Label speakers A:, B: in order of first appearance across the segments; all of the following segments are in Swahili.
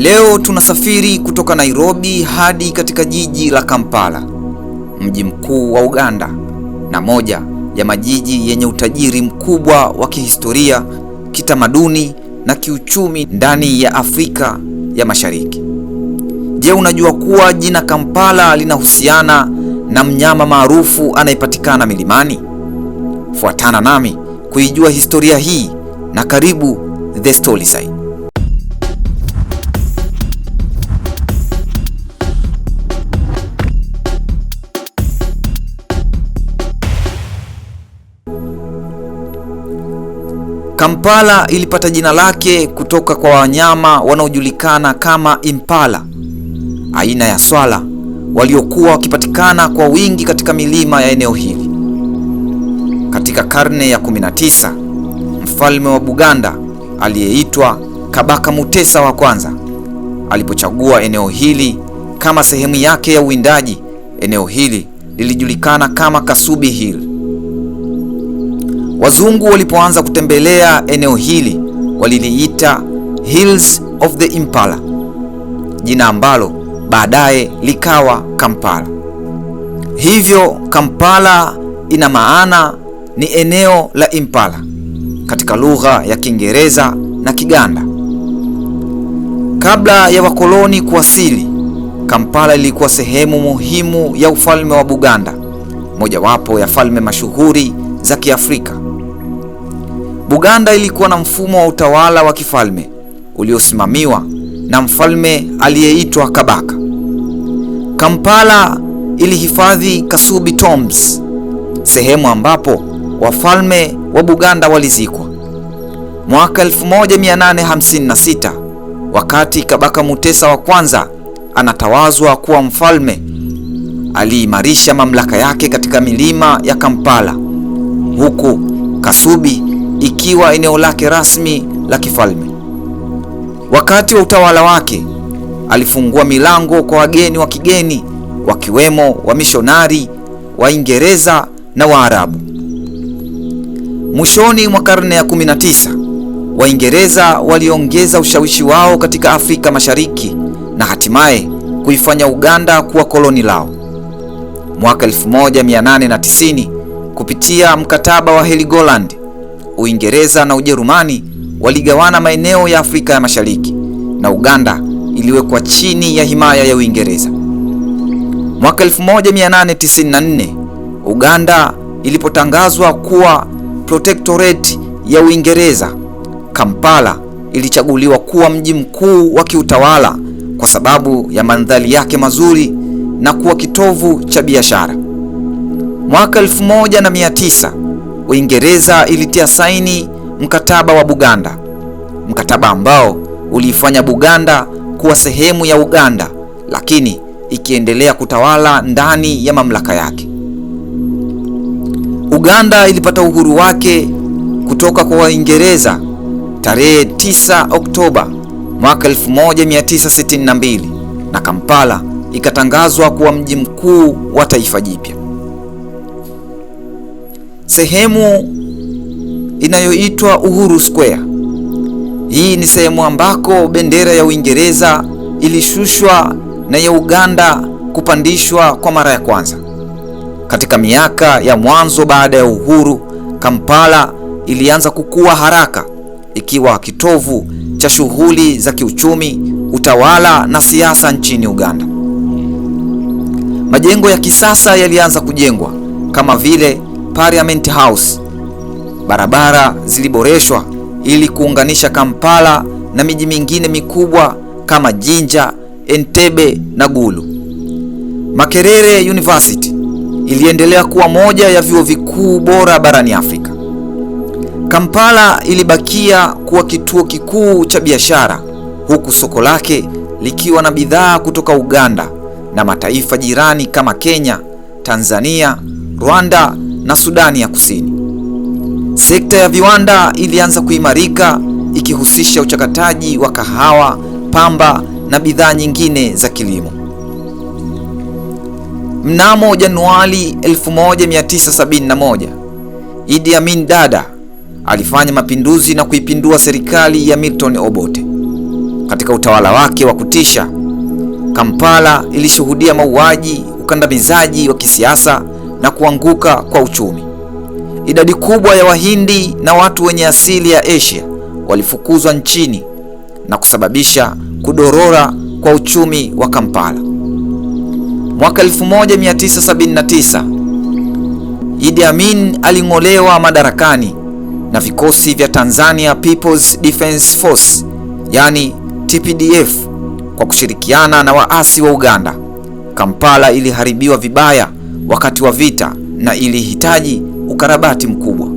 A: Leo tunasafiri kutoka Nairobi hadi katika jiji la Kampala, mji mkuu wa Uganda na moja ya majiji yenye utajiri mkubwa wa kihistoria, kitamaduni na kiuchumi ndani ya Afrika ya Mashariki. Je, unajua kuwa jina Kampala linahusiana na mnyama maarufu anayepatikana milimani? Fuatana nami kuijua historia hii na karibu The Side. Kampala ilipata jina lake kutoka kwa wanyama wanaojulikana kama impala, aina ya swala waliokuwa wakipatikana kwa wingi katika milima ya eneo hili. Katika karne ya 19, mfalme wa Buganda aliyeitwa Kabaka Mutesa wa kwanza alipochagua eneo hili kama sehemu yake ya uwindaji, eneo hili lilijulikana kama Kasubi Hill. Wazungu walipoanza kutembelea eneo hili waliliita Hills of the Impala, jina ambalo baadaye likawa Kampala. Hivyo Kampala ina maana ni eneo la impala katika lugha ya Kiingereza na Kiganda. Kabla ya wakoloni kuwasili, Kampala ilikuwa sehemu muhimu ya ufalme wa Buganda, mojawapo ya falme mashuhuri za Kiafrika. Buganda ilikuwa na mfumo wa utawala wa kifalme uliosimamiwa na mfalme aliyeitwa Kabaka. Kampala ilihifadhi Kasubi Tombs, sehemu ambapo wafalme wa Buganda walizikwa. Mwaka 1856 wakati Kabaka Mutesa wa kwanza anatawazwa kuwa mfalme, aliimarisha mamlaka yake katika milima ya Kampala, huku Kasubi ikiwa eneo lake rasmi la kifalme. Wakati wa utawala wake alifungua milango kwa wageni wa kigeni wakiwemo wamishonari Waingereza na Waarabu. Mwishoni mwa karne ya 19, Waingereza waliongeza ushawishi wao katika Afrika Mashariki na hatimaye kuifanya Uganda kuwa koloni lao. Mwaka 1890 kupitia mkataba wa Heligoland Uingereza na Ujerumani waligawana maeneo ya Afrika ya Mashariki na Uganda iliwekwa chini ya himaya ya Uingereza. Mwaka 1894 Uganda ilipotangazwa kuwa protectorate ya Uingereza, Kampala ilichaguliwa kuwa mji mkuu wa kiutawala kwa sababu ya mandhari yake mazuri na kuwa kitovu cha biashara. Mwaka 1900 Uingereza ilitia saini mkataba wa Buganda, mkataba ambao uliifanya Buganda kuwa sehemu ya Uganda, lakini ikiendelea kutawala ndani ya mamlaka yake. Uganda ilipata uhuru wake kutoka kwa Waingereza tarehe 9 Oktoba mwaka 1962 na Kampala ikatangazwa kuwa mji mkuu wa taifa jipya. Sehemu inayoitwa Uhuru Square. Hii ni sehemu ambako bendera ya Uingereza ilishushwa na ya Uganda kupandishwa kwa mara ya kwanza. Katika miaka ya mwanzo baada ya uhuru, Kampala ilianza kukua haraka ikiwa kitovu cha shughuli za kiuchumi, utawala na siasa nchini Uganda. Majengo ya kisasa yalianza kujengwa kama vile Parliament House. Barabara ziliboreshwa ili kuunganisha Kampala na miji mingine mikubwa kama Jinja, Entebbe na Gulu. Makerere University iliendelea kuwa moja ya vyuo vikuu bora barani Afrika. Kampala ilibakia kuwa kituo kikuu cha biashara huku soko lake likiwa na bidhaa kutoka Uganda na mataifa jirani kama Kenya, Tanzania, Rwanda na Sudani ya Kusini. Sekta ya viwanda ilianza kuimarika ikihusisha uchakataji wa kahawa, pamba na bidhaa nyingine za kilimo. Mnamo Januari 1971, Idi Amin Dada alifanya mapinduzi na kuipindua serikali ya Milton Obote. Katika utawala wake wa kutisha, Kampala ilishuhudia mauaji, ukandamizaji wa kisiasa na kuanguka kwa uchumi. Idadi kubwa ya Wahindi na watu wenye asili ya Asia walifukuzwa nchini na kusababisha kudorora kwa uchumi wa Kampala. Mwaka 1979 Idi Amin aling'olewa madarakani na vikosi vya Tanzania People's Defence Force, yani TPDF, kwa kushirikiana na waasi wa Uganda. Kampala iliharibiwa vibaya wakati wa vita na ilihitaji ukarabati mkubwa.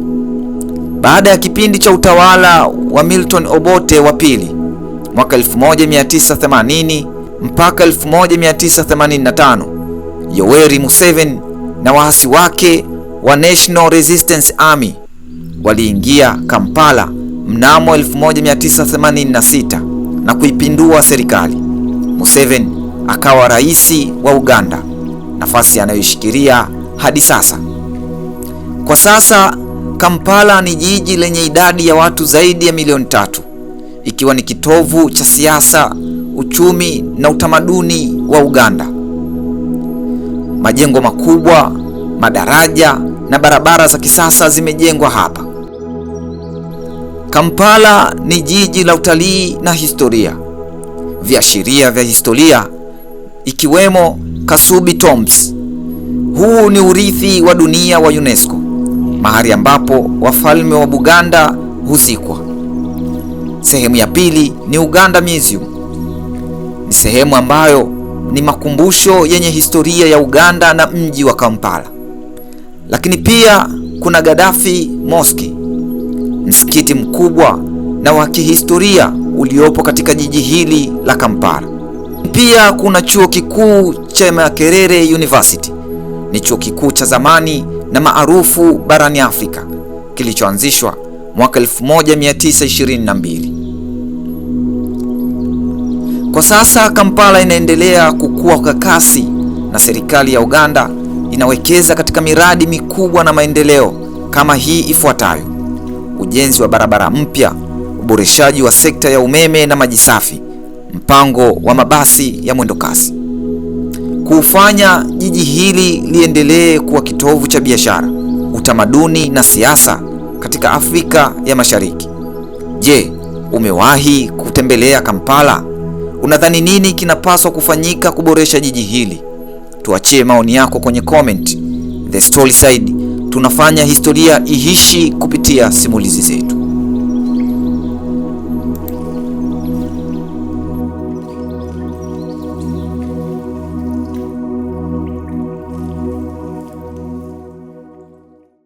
A: Baada ya kipindi cha utawala wa Milton Obote wa pili mwaka 1980 mpaka 1985, Yoweri Museveni na waasi wake wa National Resistance Army waliingia Kampala mnamo 1986 na kuipindua serikali. Museveni akawa rais wa Uganda nafasi anayoishikilia hadi sasa. Kwa sasa Kampala ni jiji lenye idadi ya watu zaidi ya milioni tatu, ikiwa ni kitovu cha siasa, uchumi na utamaduni wa Uganda. Majengo makubwa, madaraja na barabara za kisasa zimejengwa hapa. Kampala ni jiji la utalii na historia. Viashiria vya historia ikiwemo Kasubi Tombs. Huu ni urithi wa dunia wa UNESCO, mahali ambapo wafalme wa Buganda huzikwa. Sehemu ya pili ni Uganda Museum. Ni sehemu ambayo ni makumbusho yenye historia ya Uganda na mji wa Kampala. Lakini pia kuna Gaddafi Mosque, msikiti mkubwa na wa kihistoria uliopo katika jiji hili la Kampala. Pia kuna chuo kikuu cha Makerere University. Ni chuo kikuu cha zamani na maarufu barani Afrika kilichoanzishwa mwaka 1922. Kwa sasa Kampala inaendelea kukua kwa kasi na serikali ya Uganda inawekeza katika miradi mikubwa na maendeleo kama hii ifuatayo: ujenzi wa barabara mpya, uboreshaji wa sekta ya umeme na maji safi, mpango wa mabasi ya mwendokasi kuufanya jiji hili liendelee kuwa kitovu cha biashara, utamaduni na siasa katika Afrika ya Mashariki. Je, umewahi kutembelea Kampala? Unadhani nini kinapaswa kufanyika kuboresha jiji hili? Tuachie maoni yako kwenye comment. The Side tunafanya historia ihishi kupitia simulizi zetu.